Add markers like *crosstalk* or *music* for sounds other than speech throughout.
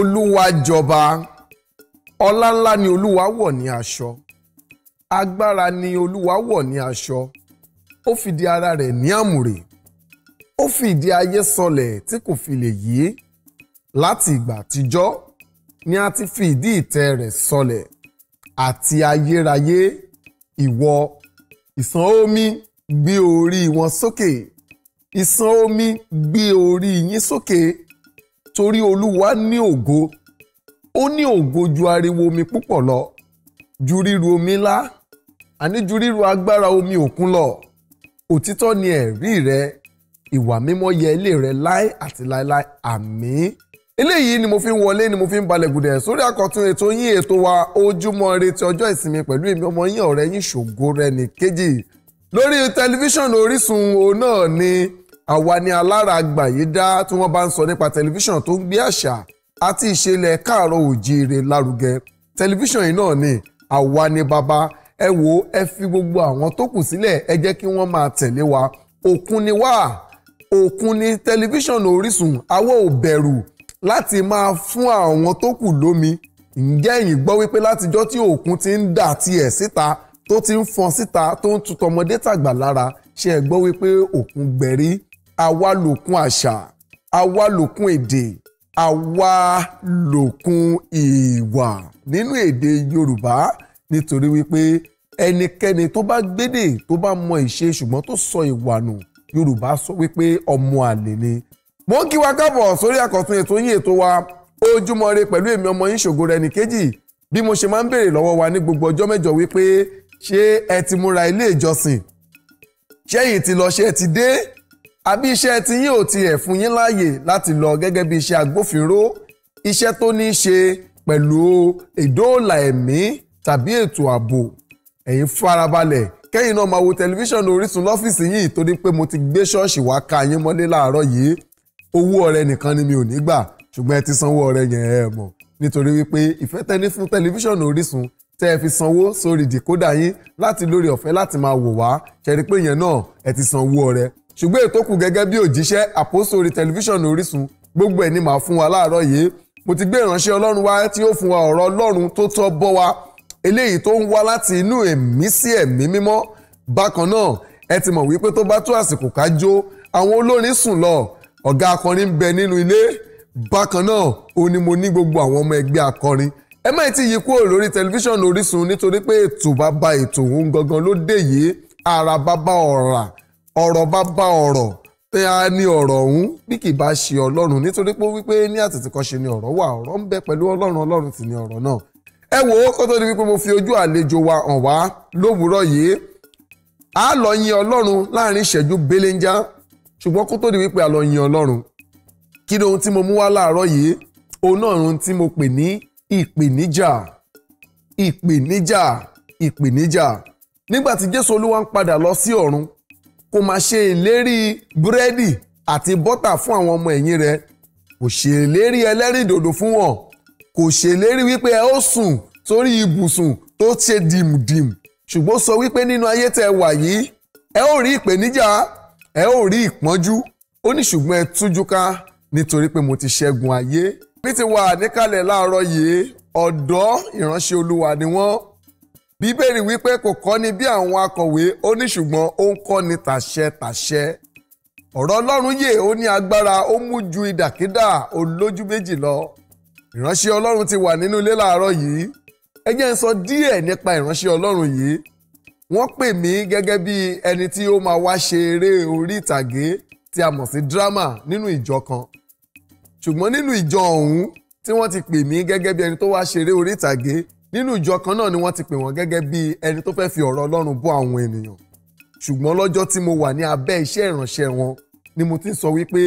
olúwa jọba ọlá ńlá ni olúwa wọ̀ ní aṣọ agbára ni olúwa wọ̀ ní aṣọ ó fìdí ara rẹ̀ ní àmùrè ó fi ayé sọlẹ̀ tí kò fi lè yí láti ìgbà àtijọ́ ni a ti fi ìdí ìtẹ́ rẹ̀ àti ayérayé ìwọ ìsàn omi gbé orí wọn sókè ìsàn omi gbé orí yín sókè torí olúwa ní ògo ó ní ògo ju ariwo omi púpọ̀ lọ ju ríru omi ńlá àní ju ríru agbára omi òkun lọ òtítọ́ ni ẹ̀rí rẹ ìwà mímọ́ yẹ ilé rẹ láé àti láéláé àmín eléyìí ni mo fi ń wọlé ni mo fi ń balẹ̀ gùdẹ̀ sórí àkọ́tún ètò yín ètò wa ojúmọ́ ire ti ọjọ́ ìsinmi pẹ̀lú èmi ọmọ yín ọ̀rẹ́ yín ṣògo rẹ̀ ní kejì lórí tẹlifíṣàn Orísun òun náà ni àwa ni alára gbàyédá tí wọ́n bá ń sọ nípa tẹlifíṣàn tó ń gbé àṣà àti ìṣẹ̀lẹ̀ káàárọ̀ òjíire lárugẹ tẹlifíṣàn yìí náà ni àwa ni bàbá ẹ wò ẹ fi gbogbo àwọn tó kù sílẹ̀ ẹ jẹ́ kí wọ́n máa tẹ̀lé wa òkun ni wá òkun ni tẹlifíṣàn Orísun àwa ò bẹ̀rù láti máa fún àwọn tó kù lómi ǹjẹ́ ẹ̀yin gbọ́ wípé látijọ́ tí òkun ti ń dà tiẹ̀ síta tó ti ń fọn síta tó ń tutọmọdé tàgbà lára ṣe é gbọ́ wípé òkun gbẹ̀rí àwa lòkun àṣà àwa lòkun èdè àwa lòkun ìwà nínú èdè Yorùbá nítorí wípé ẹnikẹ́ni tó bá gbédè tó bá mọ ìṣe ṣùgbọ́n tó sọ ìwà nù Yorùbá sọ wípé ọmọ àlè ni. mo ń kí wa káàbọ̀ sórí àkọ́tún ètò yín ètò wa Ojúmọ́ Ire pẹ̀lú èmi ọmọ yín Ṣògorẹ̀níkejì bí mo ṣe máa ń béèrè lọ́wọ́ wa ní gbogbo ọjọ́ mẹ́jọ wípé ṣé ẹ ti múra ilé ìjọsìn ṣẹ́yìn ti lọ ṣé ẹ ti dé àbí iṣẹ́ ti yín ò tiẹ̀ fún yín láàyè láti lọ gẹ́gẹ́ bí iṣẹ́ agbófinró iṣẹ́ tó ní í ṣe pẹ̀lú ìdóòlà ẹ̀mí tàbí ètò ààbò ẹ̀yin farabalẹ̀ kẹ́yìn náà máa wo tẹlifíṣàn Orísun lọ́fíìsì yìí torí pé mo ti gbé ṣọ́ọ̀ṣì wá ka yín mọ́lé láàárọ̀ yìí owó ọrẹ nìkan ni mi ò ní gbà ṣùgbọ́n ẹ ti sanwó ọrẹ yẹn ẹ mọ̀ nítorí wípé ìfẹ́ tẹ́ni fún tẹlifíṣàn Orísun tẹ́ ẹ fi sanwó sórí dìkódà yín láti lórí ọ̀fẹ́ láti máa wò wá ṣẹ́ni pé yẹn náà ẹ ti sanwó ọrẹ ṣùgbọ́n ètò kù gẹ́gẹ́ bí òjíṣẹ́ àpòsò orí tẹlifíṣàn Orísun gbogbo ẹ̀ ni màá fún wa láàárọ̀ yìí mo ti gbé ìránṣẹ́ Ọlọ́run wá tí ó fún wa ọ̀rọ̀ Ọlọ́run tó tọ́ bọ́ wa eléyìí tó ń wá láti inú ẹ̀mí sí ẹ̀mí mímọ́ bákan náà ẹ ti mọ̀ wípé tó bá tó àsìkò ká jó àwọn olórin sùn lọ ọ̀gá akọrin ń bẹ nínú ilé bákan náà ó ní mo ní gbogbo àwọn ọmọ ẹgbẹ́ akọrin ẹ má ti yí kúrò lórí tẹlifíṣàn Orísun nítorí pé ètò bàbá ètò òun gangan ló dé yìí àrà bàbá ọ̀rà ọ̀rọ̀ bá bá ọ̀rọ̀ pé a ní ọ̀rọ̀ ọ̀hún bí kì bá ṣe ọlọ́run nítorí pé wípé ní àtètèkọ́ṣe ni ọ̀rọ̀ wà ọ̀rọ̀ ń bẹ pẹ̀lú ọlọ́run ọlọ́run sì ni ọ̀rọ̀ náà ẹ wò ó kó tó di wípé mo fi ojú àlejò wa hàn wá lówùúrọ̀ yìí a lọ yin ọlọ́run láàrin ìṣẹ́jú belenja ṣùgbọ́n kó tó di wípé a lọ yin ọlọ́run kí ni ohun tí mo mú wá láàárọ̀ yìí òun náà ohun tí mo pè ní ìpèníjà ìpèníjà ìpèníjà nígbà tí Jésù Olúwa ń padà lọ sí ọ̀run kò máa ṣe ìlérí búrẹ́dì àti bọ́tà fún àwọn ọmọ ẹ̀yìn rẹ̀ kò ṣe ìlérí ẹlẹ́rìndòdò fún wọn kò ṣe ìlérí wípé ẹ ó sùn sórí ibùsùn tó ṣe dìmdìm ṣùgbọ́n sọ wípé nínú ayé tẹ́ wà yìí ẹ ó rí ìpèníjà ẹ ó rí ìpọ́njú ó ní ṣùgbọ́n ẹ tújú ká nítorí pé mo ti ṣẹ́gun ayé mi ti wà níkàlẹ̀ láàárọ̀ yìí ọ̀dọ́ ìránṣẹ́ olúwa ni wọ́n bíbélì wípé kò kọ́ni bí àwọn akọ̀wé ó ní ṣùgbọ́n ó ń kọ́ni tàṣẹ tàṣẹ ọ̀rọ̀ ọlọ́run yè ó ní agbára ó mú ju ìdàkídà olójú méjì lọ ìránṣẹ́ ọlọ́run ti wà nínú ilé láàárọ̀ yìí ẹ jẹ́ n sọ díẹ̀ nípa ìránṣẹ́ ọlọ́run yìí wọ́n pè mí gẹ́gẹ́ bí ẹni tí ó máa wá ṣe eré orí ìtàgé tí a mọ̀ sí drama nínú ìjọ kan ṣùgbọ́n nínú ìjọ ọ̀hún tí wọ́n ti pè mí gẹ́gẹ́ bí ẹni tó wá ṣeré orí ìtàgé nínú ìjọ kan náà ni wọ́n ti pè wọ́n gẹ́gẹ́ bí ẹni tó fẹ́ẹ́ fi ọ̀rọ̀ Ọlọ́run bọ́ àwọn ènìyàn ṣùgbọ́n lọ́jọ́ tí mo wà ní abẹ́ iṣẹ́ ìránṣẹ́ wọn ni mo ti ń sọ wípé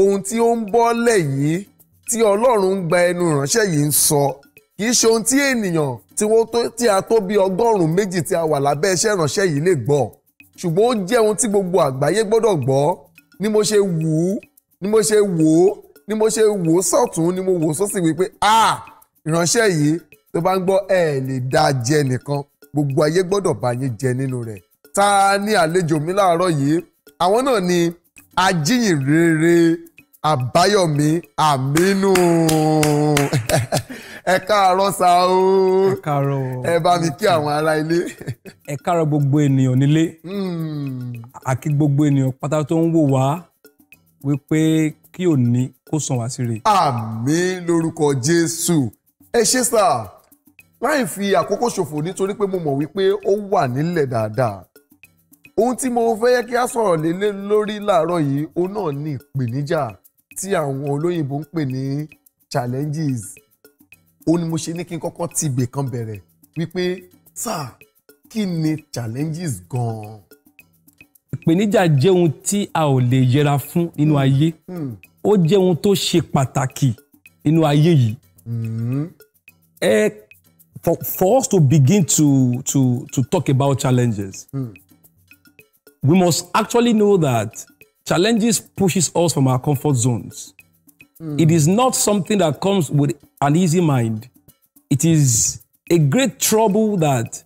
ohun tí ó ń bọ́ lẹ̀ yìí tí Ọlọ́run ń gba ẹnu ìránṣẹ́ yìí ń sọ kì í ṣe ohun tí ènìyàn tí a tó bí ọgọ́rùn-ún méjì tí a wà lábẹ́ iṣẹ́ ìránṣẹ́ yìí lè gbọ́ ṣùgbọ́n ó jẹ́ ohun tí gbogbo àgbáyé gbọ́dọ̀ gbọ́ ni mo ṣe wù ú ni mo ṣe wò ó ni mo ṣe wò ó sọ̀tún ni mo wò ó sósì wípé ah ìránṣẹ́ yìí tó bá ń gbọ́ ẹ lè dá jẹ nìkan gbogbo ayé gbọ́dọ̀ bá yín jẹ nínú rẹ̀ ta ni àlejò mi láàárọ̀ yìí àwọn náà ni ajíyìnrere àbáyọ̀mí àmínú *laughs* ẹ káàárọ̀ sa o ẹ káàárọ̀ ẹ bá mi kí àwọn ará ilé. ẹ káàárọ̀ gbogbo ènìyàn nílé àkí hmm. gbogbo ènìyàn pátá tó ń wò wá wípé kí òní kó sàn wá sí rè. àmín lórúkọ jésù ẹ ṣé sáà láì fi àkókò ṣòfò nítorí pé mo mọ̀ wípé ó wà nílẹ̀ dáadáa ohun tí mo fẹ́ yẹ kí a sọ̀rọ̀ lélẹ̀ lórí láàárọ̀ yìí òun náà ní ìpèníjà tí àwọn olóyìnbó ń pè ní challenges òun ni mo ṣe ní kí n kọ́kọ́ ti ibè kan bẹ̀rẹ̀ wípé sáà kí ni challenges gan-an. ìpèníjà jẹ́ ohun tí a ò lè yẹra fún nínú hmm, ayé hmm. ó jẹ́ ohun tó ṣe pàtàkì nínú ayé yìí. Hmm. for, for us to begin to, to, to talk about challenges, mm. we must actually know that challenges pushes us from our comfort zones. Mm. It is not something that comes with an easy mind. It is a great trouble that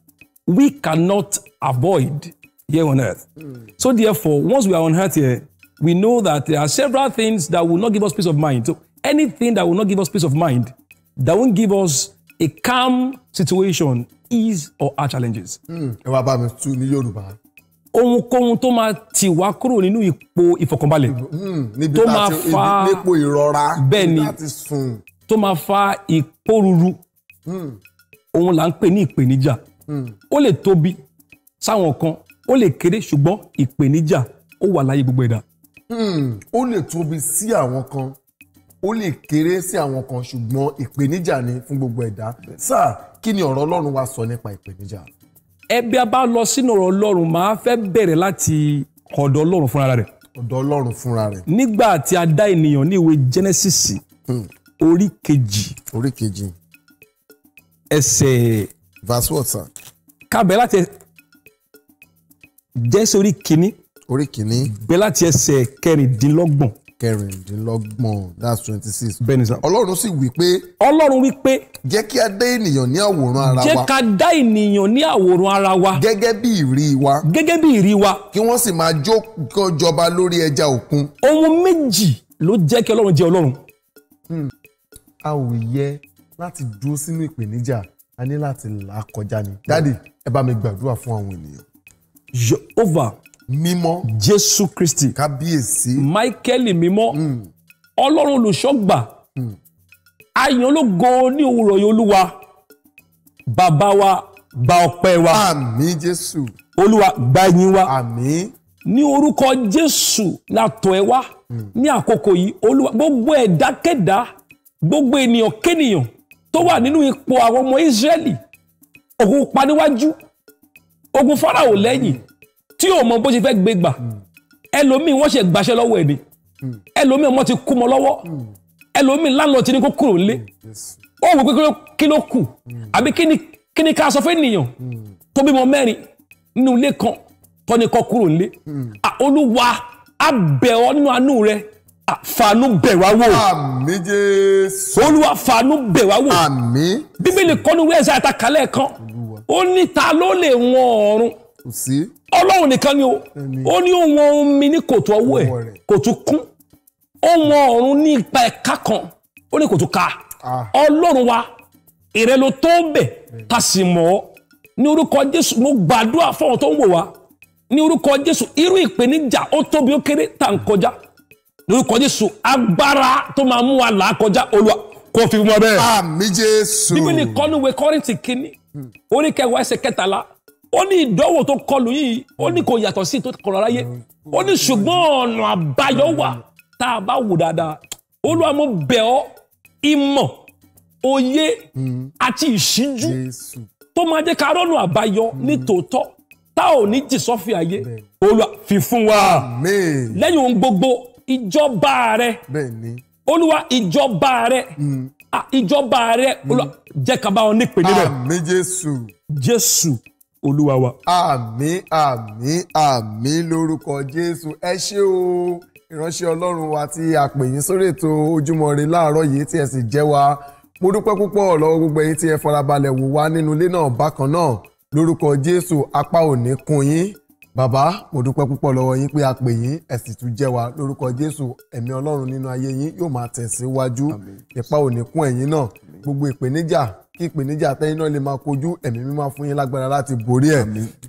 we cannot avoid here on earth. Mm. So therefore, once we are on earth here, we know that there are several things that will not give us peace of mind. So anything that will not give us peace of mind, that won't give us a calm situation is or are challenges. Hmm, ẹ wá bá mi tú ní Yorùbá. ohunkóhun tó máa tì wá kúrò nínú ipò ìfọ̀kànbalẹ̀. tó máa fa nípò ìrọra bẹ́ẹ̀ni tó máa fa ìpòrúru òun hmm. là ń pè ní ìpèníjà hmm. ó lè tóbi sáwọn kan ó lè kéré ṣùgbọ́n ìpèníjà ó wà láyé gbogbo ẹ̀dá. ó lè tóbi sí àwọn kan ó lè kéré sí àwọn kan ṣùgbọ́n ìpèníjà ni fún gbogbo ẹ̀dá sáà kí ni ọ̀rọ̀ ọlọ́run wa sọ nípa ìpèníjà. ẹbí a bá lọ sínú ọ̀rọ̀ ọlọ́run máa fẹ́ bẹ̀rẹ̀ láti ọ̀dọ̀ ọlọ́run fúnra rẹ̀. ọ̀dọ̀ ọlọ́run fúnra rẹ̀. nígbà tí a dá ènìyàn ní ìwé Genesis hmm. orí kejì. orí kejì. ẹsẹ̀. verse what sir. kábẹ̀ láti jẹ́sẹ̀ orí kìíní. orí kìíní. bẹ́ẹ̀ láti ẹsẹ̀ kẹrìndínlọ́gbọ̀n kẹrìndínlọ́gbọ̀n that's twenty six. bẹ́ẹ̀ni sá. ọlọ́run sì wí pé. ọlọ́run wí pé. jẹ́ kí a dá ènìyàn ní àwòrán ara wa. jẹ́ ká dá ènìyàn ní àwòrán ara wa. gẹ́gẹ́ bí ìrí wa. gẹ́gẹ́ bí ìrí wa. kí wọ́n sì máa jókòó jọba lórí ẹja òkun. ohun méjì ló jẹ́ kí ọlọ́run jẹ́ ọlọ́run. Hmm. a ò yẹ láti dúró sínú ìpèníjà a ní láti là á kọjá ni. dádì ẹ bá mi gbàdúrà fún àwọn ènìyàn. Jehovah mímọ́. jésù kristi. kábíyèsí. máíkẹ́lì mímọ́. Hmm. ọlọ́run olùṣọ́gbà. Hmm. ayàn ológo ní òwúrọ̀ yìí olúwa. bàbá wa gba ọpẹ́ wa. àmín jésù. olúwa gba ìyìn wa. àmín. ní orúkọ jésù la tọ̀ ẹ́ wá. Hmm. ní àkókò yìí olúwa gbogbo ẹ̀dákẹ́dá gbogbo ènìyàn kénìyàn tó wà nínú ipò àwọn ọmọ israẹli ògùn paniwájú ògùn fáráò lẹ́yìn. Mm tí ò mọ bó ṣe fẹ́ gbé gbà ẹlòmíì wọ́n ṣe gbaṣẹ́ lọ́wọ́ ẹ̀ ẹlòmíì ọmọ ti kú mọ́ lọ́wọ́ ẹlòmíì landlord ti ní kó kúrò lé ó wò pé kí ló kù àbí kí ni ká sọ fún ènìyàn tó bímọ mẹ́rin nínú ilé kan tó ní kó kúrò lé olúwa á bẹ̀ ọ́ nínú àánú rẹ̀ fàánú bẹ̀ wá wò. àmín jésù. olúwa fàánú bẹ̀ wá wò. àmín. bíbélì kọ́ni wẹ́ẹ̀sì àtàkálẹ̀ kan ó ní ló lè wọ̀n ọ̀run ọlọ́run nìkan ni o ó ní òun omi ní kòtò ọwọ́ ẹ̀ kòtò kún òun ọ̀run ní ipa ẹ̀ka kan ó ní kòtò ká ah. ọlọ́run wa ìrẹ́ ló tó bẹ̀ ká sì mọ̀ ọ́ ní orúkọ jésù mo gbàdúrà fọwọ́n tó ń wò wá ní orúkọ jésù irú ìpèníjà ó tóbi ó kéré tá à ń kọjá ní orúkọ jésù agbára tó máa mú wa là á kọjá olúwa kó fi mọ bẹ́ẹ̀. àmì jésù. bíbélì kọ́nùwé kọ́rìntì kínní hmm. orí ẹsẹ̀ kẹtàlá ó ní ìdánwò tó kọlù yìí ó ní kò yàtọ̀ sí tó kọlù aráyé ó ní ṣùgbọ́n ọ̀nà àbáyọ wà tá a bá wò dáadáa olúwa mo bẹ̀ ọ́ ìmọ̀ òye àti ìṣíjú tó máa jẹ́ ká rọ́nù àbáyọ ní tòótọ́ tá ò ní jì sọ́fì ayé olúwa fi fún wa lẹ́yìn ohun gbogbo ìjọba rẹ olúwa ìjọba rẹ hmm. ìjọba rẹ olúwa jẹ́ ká bá wọn nípe níbẹ̀ jésù jésù olúwa wa. àmín àmín àmín lórúkọ jésù ẹ ṣé o ìránṣẹ́ ọlọ́run wa ti a pè yín sórí ètò ojúmọ́ ire láàárọ̀ yìí tí ẹ sì jẹ́ wa mo dúpẹ́ púpọ̀ lọ́wọ́ gbogbo ẹ̀yin tí ẹ farabalẹ̀ wò wá nínú ilé náà bákan náà lórúkọ jésù apá ò ní kún yín bàbá mo dúpẹ́ púpọ̀ lọ́wọ́ yín pé a yín ẹ sì tún jẹ́ wa lórúkọ jésù ẹ̀mí ọlọ́run nínú ayé yín yóò máa tẹ̀síwájú ipa ò ní kún náà gbogbo ìpèníjà kí ìpèníjà àtẹ̀yìn náà lè máa kojú ẹ̀mí mímọ́ fún yín lágbára láti borí ẹ̀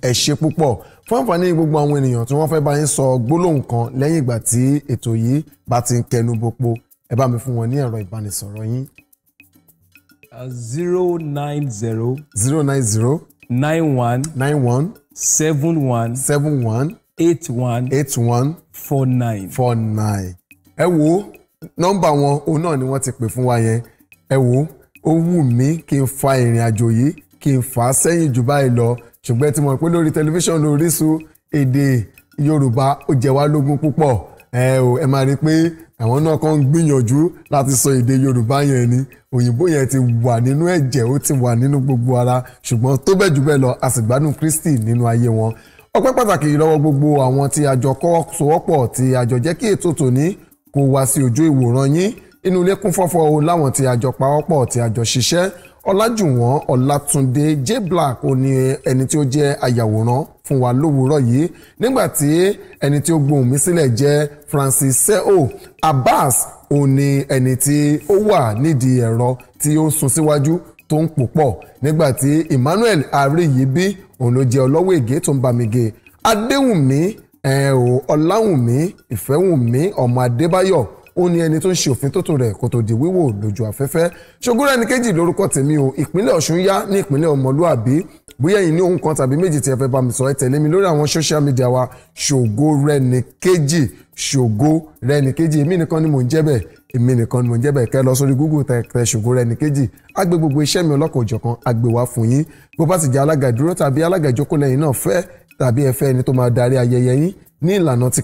ẹ ṣé púpọ̀ fún àǹfààní gbogbo àwọn ènìyàn tí wọ́n fẹ́ bá yín sọ gbólóhùn kan lẹ́yìn ìgbà tí ètò yìí bá ti ń kẹnu bòpò ẹ bá mi fún wọn ní ẹ̀rọ ìbánisọ̀rọ̀ yín. zero nine zero. zero nine zero. nine one. nine one. seven one. seven one. eight one. eight one. four nine. four nine. ẹ wo nọ́mbà wọn òun náà ni wọ́n ti pè fún wa yẹn ẹ wo ó wù mí kí n fa ìrìn àjò yìí kí n fà á sẹ́yìn jù báyìí lọ ṣùgbọ́n tí mo pé lórí tẹlifíṣàn Orísun èdè Yorùbá ó jẹ wá lógún púpọ̀ ẹ ò ẹ máa rí i pé àwọn náà kàn ń gbìyànjú láti sọ èdè Yorùbá yẹn ni òyìnbó yẹn ti wà nínú ẹ̀jẹ̀ ó ti wà nínú gbogbo ara ṣùgbọ́n tó bẹ́ẹ̀ jù bẹ́ẹ̀ lọ a sì gbádùn Kristi nínú ayé wọn ọpẹ́ pàtàkì lọ́wọ́ gbogbo àwọn tí a jọ kọ́ sowọ́pọ̀ tí a jọ jẹ́ kí ètò tòní kó wá sí ojú ìwòran yín inú ilé kún fọ́fọ́ o láwọn tí àjọ pawọ́pọ̀ tí àjọ ṣiṣẹ́ ọlájùwọ̀n ọlátúndé j black ò ní ẹni tí ó jẹ́ ayàwòrán fún wa lówùúrọ̀ yìí nígbà tí ẹni tí ó gbohùn mi sílẹ̀ jẹ́ francis seo abbas ò ní ẹni tí ó wà nídìí ẹ̀rọ tí ó sún síwájú tó ń pòpọ̀ nígbà tí emmanuel aríyíbí òun ló jẹ́ ọlọ́wọ́ ègé tó ń bamige adéwùnmí ẹ̀ẹ́n o ọláwùnmí ìfẹ́wùnmí ọmọ adébáyọ̀ ó ní ẹni tó ń ṣe òfin tótó rẹ̀ kó tó di wíwò lójú afẹ́fẹ́ Ṣògorẹ́níkejì lórúkọ tèmi o ìpínlẹ̀ Ọ̀ṣun yá ní ìpínlẹ̀ ọmọlúàbí bóyá ẹ̀yin ní ohun kan tàbí méjì tí ẹ fẹ́ bá mi sọ ẹ tẹ̀lé mi lórí àwọn social media wa Ṣògorẹ́níkejì Ṣògorẹ́níkejì èmi nìkan ni mò ń jẹ́ bẹ́ẹ̀ èmi nìkan ni mò ń jẹ́ bẹ́ẹ̀ kẹ́ lọ sórí Google tẹ Ṣògorẹ́níkejì àgbẹ̀ gbogbo iṣẹ́ mi ọlọ́kọ̀ọ́jọ̀kan àgbẹ̀ wá fún yín bó ní ìlànà ti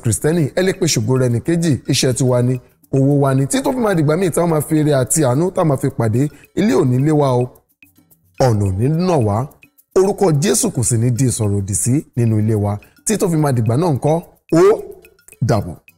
òwò wa ni tí tó fi máa dìgbà míì táwọn máa fi eré àti àánú táwọn máa fi pàdé ilé òní lé wa o ọ̀nà ní nà wá orúkọ Jésù kò sì ní di ìsọ̀rọ̀ òdì sí nínú ilé wa tí tó fi máa dìgbà náà ń kọ́ ó dàbọ̀.